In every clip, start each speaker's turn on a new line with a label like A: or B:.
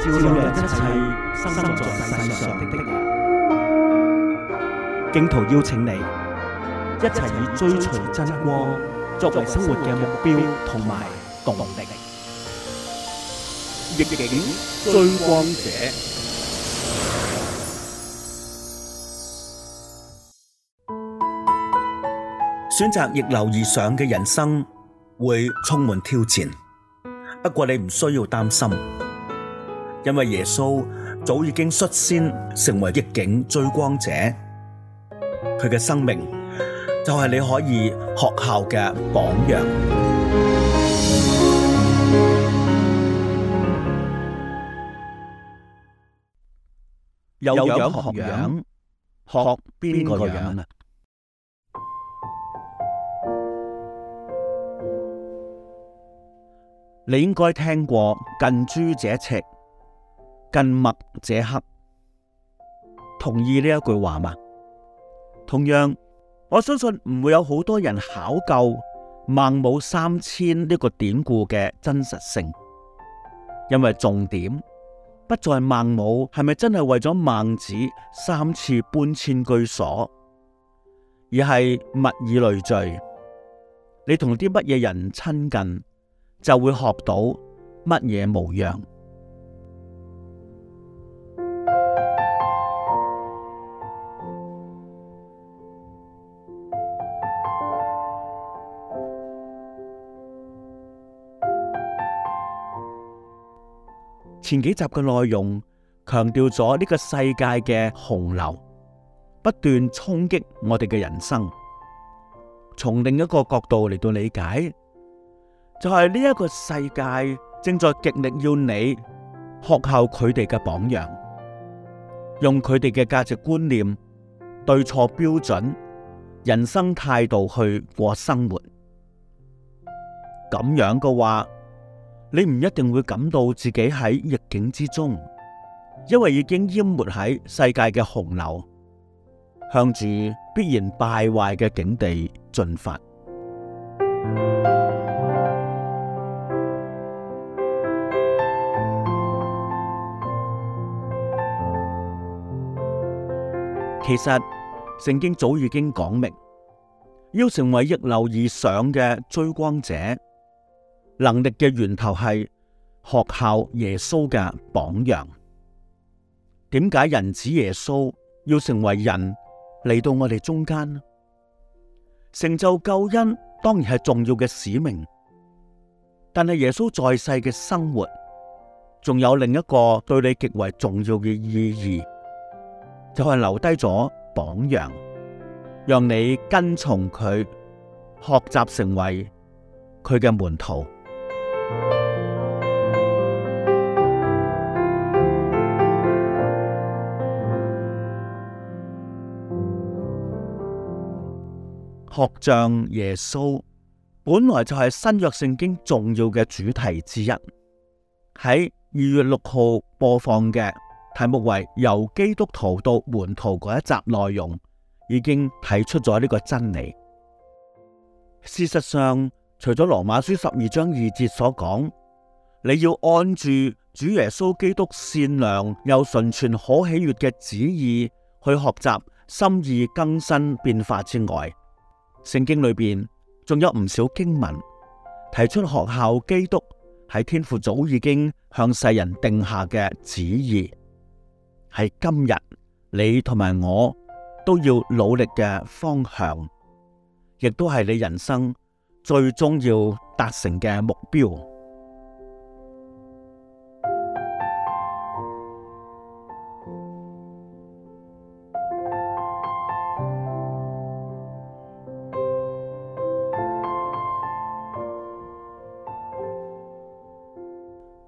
A: 照亮一切，生在世上的人。荊徒邀請你，一齊以追隨真光作為生活嘅目標同埋動力。逆境追光者，選擇逆流而上嘅人生會充滿挑戰，不過你唔需要擔心。因為耶穌早已經率先成為逆境追光者，佢嘅生命就係你可以學效嘅榜樣。有樣學樣，學邊個樣啊？樣你應該聽過近朱者赤。近墨者黑，同意呢一句話嗎？同樣，我相信唔會有好多人考究孟母三遷呢個典故嘅真實性，因為重點不在孟母係咪真係為咗孟子三次搬遷居所，而係物以類聚，你同啲乜嘢人親近，就會學到乜嘢模樣。前幾集嘅內容強調咗呢個世界嘅洪流不斷衝擊我哋嘅人生。從另一個角度嚟到理解，就係呢一個世界正在極力要你學效佢哋嘅榜樣，用佢哋嘅價值觀念、對錯標準、人生態度去過生活。咁樣嘅話，你唔一定會感到自己喺逆境之中，因為已經淹沒喺世界嘅洪流，向住必然敗壞嘅境地進發。其實聖經早已經講明，要成為逆流而上嘅追光者。能力嘅源頭係學效耶穌嘅榜樣。點解人子耶穌要成為人嚟到我哋中間呢？成就救恩當然係重要嘅使命，但係耶穌在世嘅生活，仲有另一個對你極為重要嘅意義，就係、是、留低咗榜樣，讓你跟從佢，學習成為佢嘅門徒。學像耶穌本來就係新約聖經重要嘅主題之一。喺二月六號播放嘅題目為《由基督徒到門徒》嗰一集內容，已經提出咗呢個真理。事實上，除咗《羅馬書》十二章二節所講，你要按住主耶穌基督善良又純全可喜悅嘅旨意去學習心意更新變化之外，聖經裏邊仲有唔少經文提出，學效基督係天父早已經向世人定下嘅旨意，係今日你同埋我都要努力嘅方向，亦都係你人生最終要達成嘅目標，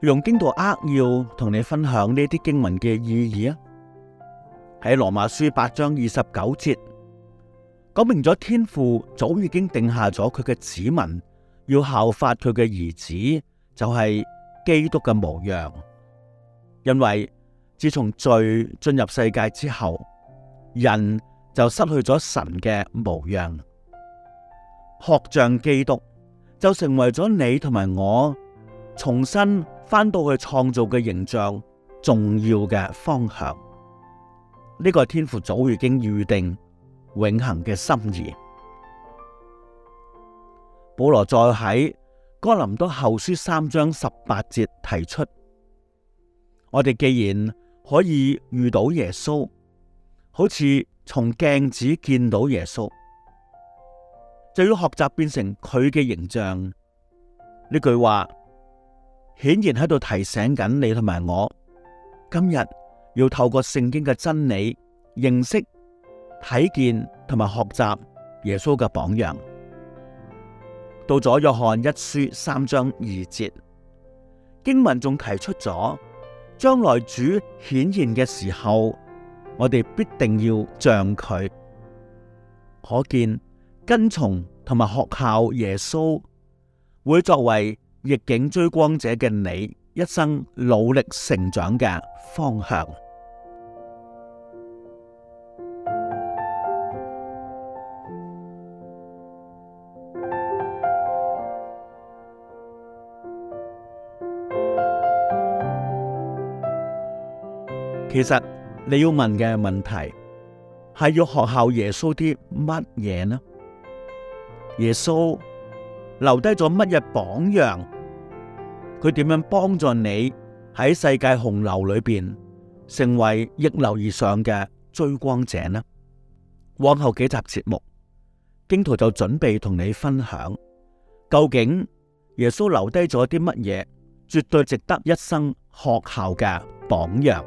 A: 用經度扼要同你分享呢啲經文嘅意義啊！喺羅馬書八章二十九節。講明咗，天父早已經定下咗佢嘅子民要效法佢嘅兒子，就係基督嘅模樣。因為自從罪進入世界之後，人就失去咗神嘅模樣，學像基督就成為咗你同埋我重新翻到去創造嘅形象重要嘅方向。呢個天父早已經預定。永恒嘅心意。保羅再喺哥林多後書三章十八節提出：我哋既然可以遇到耶穌，好似從鏡子見到耶穌，就要學習變成佢嘅形象。呢句話顯然喺度提醒緊你同埋我，今日要透過聖經嘅真理認識。睇見同埋學習耶穌嘅榜樣，到咗約翰一書三章二節，經文仲提出咗將來主顯現嘅時候，我哋必定要像佢。可見跟從同埋學效耶穌，會作為逆境追光者嘅你一生努力成長嘅方向。其實你要問嘅問題係要學效耶穌啲乜嘢呢？耶穌留低咗乜嘢榜樣？佢點樣幫助你喺世界洪流裏邊成為逆流而上嘅追光者呢？往後幾集節目，荊徒就準備同你分享，究竟耶穌留低咗啲乜嘢，絕對值得一生學效嘅榜樣。